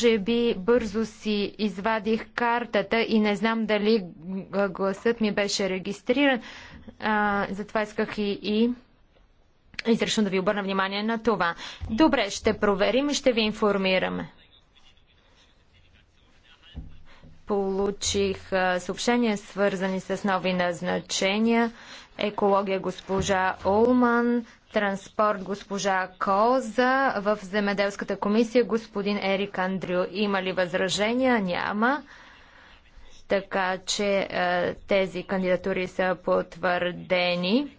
Може би бързо си извадих картата и не знам дали гласът ми беше регистриран. А, затова исках и, и изрично да ви обърна внимание на това. Добре, ще проверим и ще ви информираме. Получих съобщения, свързани с нови назначения. Екология госпожа Олман, транспорт госпожа Коза, в земеделската комисия господин Ерик Андрю. Има ли възражения? Няма. Така че тези кандидатури са потвърдени.